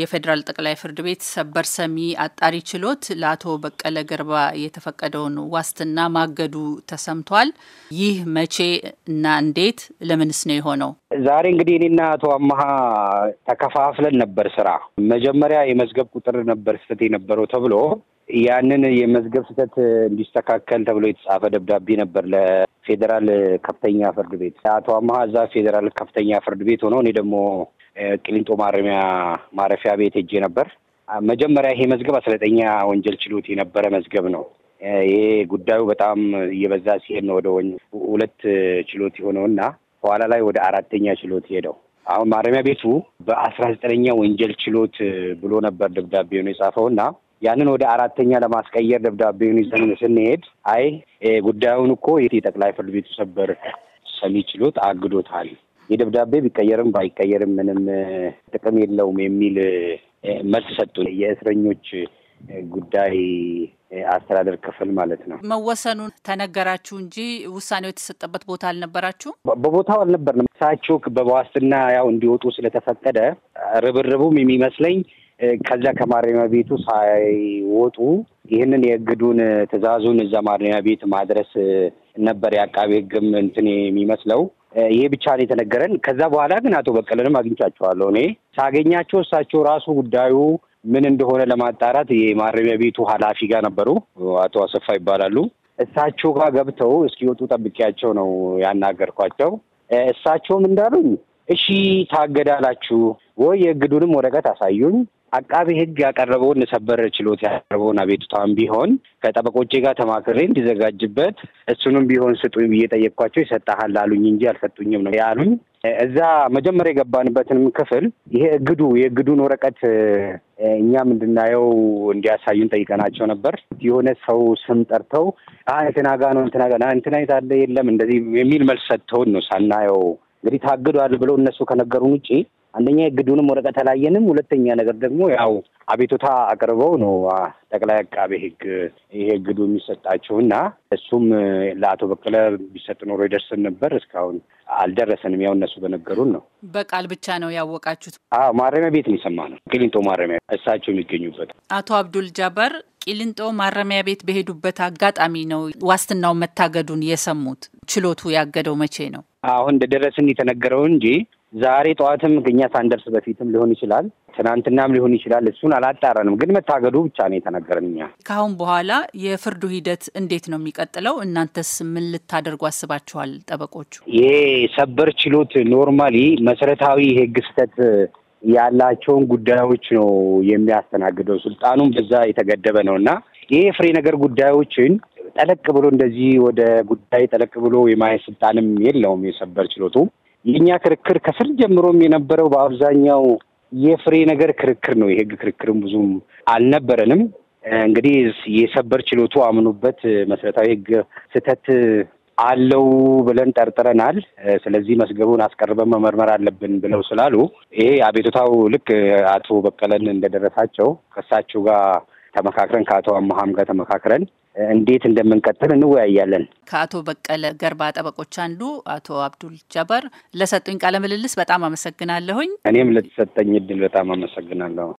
የፌዴራል ጠቅላይ ፍርድ ቤት ሰበር ሰሚ አጣሪ ችሎት ለአቶ በቀለ ገርባ የተፈቀደውን ዋስትና ማገዱ ተሰምቷል። ይህ መቼ እና እንዴት ለምንስ ነው የሆነው? ዛሬ እንግዲህ እኔና አቶ አመሀ ተከፋፍለን ነበር ስራ። መጀመሪያ የመዝገብ ቁጥር ነበር ስህተት የነበረው ተብሎ ያንን የመዝገብ ስህተት እንዲስተካከል ተብሎ የተጻፈ ደብዳቤ ነበር ፌዴራል ከፍተኛ ፍርድ ቤት አቶ አመሀ እዛ ፌዴራል ከፍተኛ ፍርድ ቤት ሆነው እኔ ደግሞ ቅሊንጦ ማረሚያ ማረፊያ ቤት ሄጄ ነበር። መጀመሪያ ይሄ መዝገብ አስራ ዘጠነኛ ወንጀል ችሎት የነበረ መዝገብ ነው። ይሄ ጉዳዩ በጣም እየበዛ ሲሄድ ነው ወደ ሁለት ችሎት የሆነው እና በኋላ ላይ ወደ አራተኛ ችሎት ሄደው አሁን ማረሚያ ቤቱ በአስራ ዘጠነኛ ወንጀል ችሎት ብሎ ነበር ደብዳቤ ነው የጻፈው እና ያንን ወደ አራተኛ ለማስቀየር ደብዳቤውን ይዘን ስንሄድ አይ ጉዳዩን እኮ የጠቅላይ ፍርድ ቤቱ ሰበር ሰሚ ችሎት አግዶታል፣ ደብዳቤ ቢቀየርም ባይቀየርም ምንም ጥቅም የለውም የሚል መልስ ሰጡን። የእስረኞች ጉዳይ አስተዳደር ክፍል ማለት ነው። መወሰኑን ተነገራችሁ እንጂ ውሳኔው የተሰጠበት ቦታ አልነበራችሁም? በቦታው አልነበርንም። እሳቸው በዋስትና ያው እንዲወጡ ስለተፈቀደ ርብርቡም የሚመስለኝ ከዛ ከማረሚያ ቤቱ ሳይወጡ ይህንን የእግዱን ትዕዛዙን እዛ ማረሚያ ቤት ማድረስ ነበር የአቃቤ ሕግም እንትን የሚመስለው። ይሄ ብቻ ነው የተነገረን። ከዛ በኋላ ግን አቶ በቀለንም አግኝቻቸዋለሁ። እኔ ሳገኛቸው እሳቸው ራሱ ጉዳዩ ምን እንደሆነ ለማጣራት የማረሚያ ቤቱ ኃላፊ ጋር ነበሩ። አቶ አሰፋ ይባላሉ። እሳቸው ጋር ገብተው እስኪወጡ ጠብቂያቸው ነው ያናገርኳቸው። እሳቸውም እንዳሉኝ እሺ ታገዳላችሁ ወይ የእግዱንም ወረቀት አሳዩኝ አቃቤ ሕግ ያቀረበውን ሰበር ችሎት ያቀረበውን አቤቱታም ቢሆን ከጠበቆቼ ጋር ተማክሬ እንዲዘጋጅበት እሱንም ቢሆን ስጡኝ ብዬ ጠየቅኳቸው። ይሰጣሃል አሉኝ እንጂ አልሰጡኝም ነው ያሉኝ። እዛ መጀመሪያ የገባንበትንም ክፍል ይሄ እግዱ የእግዱን ወረቀት እኛም እንድናየው እንዲያሳዩን ጠይቀናቸው ነበር። የሆነ ሰው ስም ጠርተው እንትና ጋ ነው እንትና ጋ እንትና የታለ የለም እንደዚህ የሚል መልስ ሰጥተውን ነው ሳናየው እንግዲህ ታግዷል ብለው እነሱ ከነገሩን ውጭ አንደኛ የግዱንም ወረቀት አላየንም። ሁለተኛ ነገር ደግሞ ያው አቤቱታ አቅርበው ነው ጠቅላይ አቃቤ ሕግ ይሄ እግዱ የሚሰጣቸው እና እሱም ለአቶ በቀለ ቢሰጥ ኖሮ ይደርስን ነበር። እስካሁን አልደረሰንም። ያው እነሱ በነገሩን ነው። በቃል ብቻ ነው ያወቃችሁት? አዎ ማረሚያ ቤት ነው ቅሊንጦ ማረሚያ እሳቸው የሚገኙበት አቶ አብዱል ጃበር ቂሊንጦ ማረሚያ ቤት በሄዱበት አጋጣሚ ነው ዋስትናው መታገዱን የሰሙት። ችሎቱ ያገደው መቼ ነው? አሁን እንደደረስን የተነገረው እንጂ ዛሬ ጠዋትም እኛ ሳንደርስ በፊትም ሊሆን ይችላል፣ ትናንትናም ሊሆን ይችላል። እሱን አላጣረንም፣ ግን መታገዱ ብቻ ነው የተነገረን። እኛ ከአሁን በኋላ የፍርዱ ሂደት እንዴት ነው የሚቀጥለው? እናንተስ ምን ልታደርጉ አስባችኋል? ጠበቆቹ ይሄ ሰበር ችሎት ኖርማሊ መሰረታዊ የህግ ስህተት ያላቸውን ጉዳዮች ነው የሚያስተናግደው። ስልጣኑም በዛ የተገደበ ነው እና ይሄ ፍሬ ነገር ጉዳዮችን ጠለቅ ብሎ እንደዚህ ወደ ጉዳይ ጠለቅ ብሎ የማየት ስልጣንም የለውም የሰበር ችሎቱ። የእኛ ክርክር ከስር ጀምሮም የነበረው በአብዛኛው የፍሬ ነገር ክርክር ነው። የህግ ክርክርም ብዙም አልነበረንም። እንግዲህ የሰበር ችሎቱ አምኖበት መሰረታዊ ህግ ስህተት አለው ብለን ጠርጥረናል። ስለዚህ መስገቡን አስቀርበን መመርመር አለብን ብለው ስላሉ ይሄ አቤቱታው ልክ አቶ በቀለን እንደደረሳቸው ከእሳቸው ጋር ተመካክረን ከአቶ አመሀም ጋር ተመካክረን እንዴት እንደምንቀጥል እንወያያለን። ከአቶ በቀለ ገርባ ጠበቆች አንዱ አቶ አብዱል ጀበር ለሰጡኝ ቃለ ምልልስ በጣም አመሰግናለሁኝ። እኔም ለተሰጠኝ እድል በጣም አመሰግናለሁ።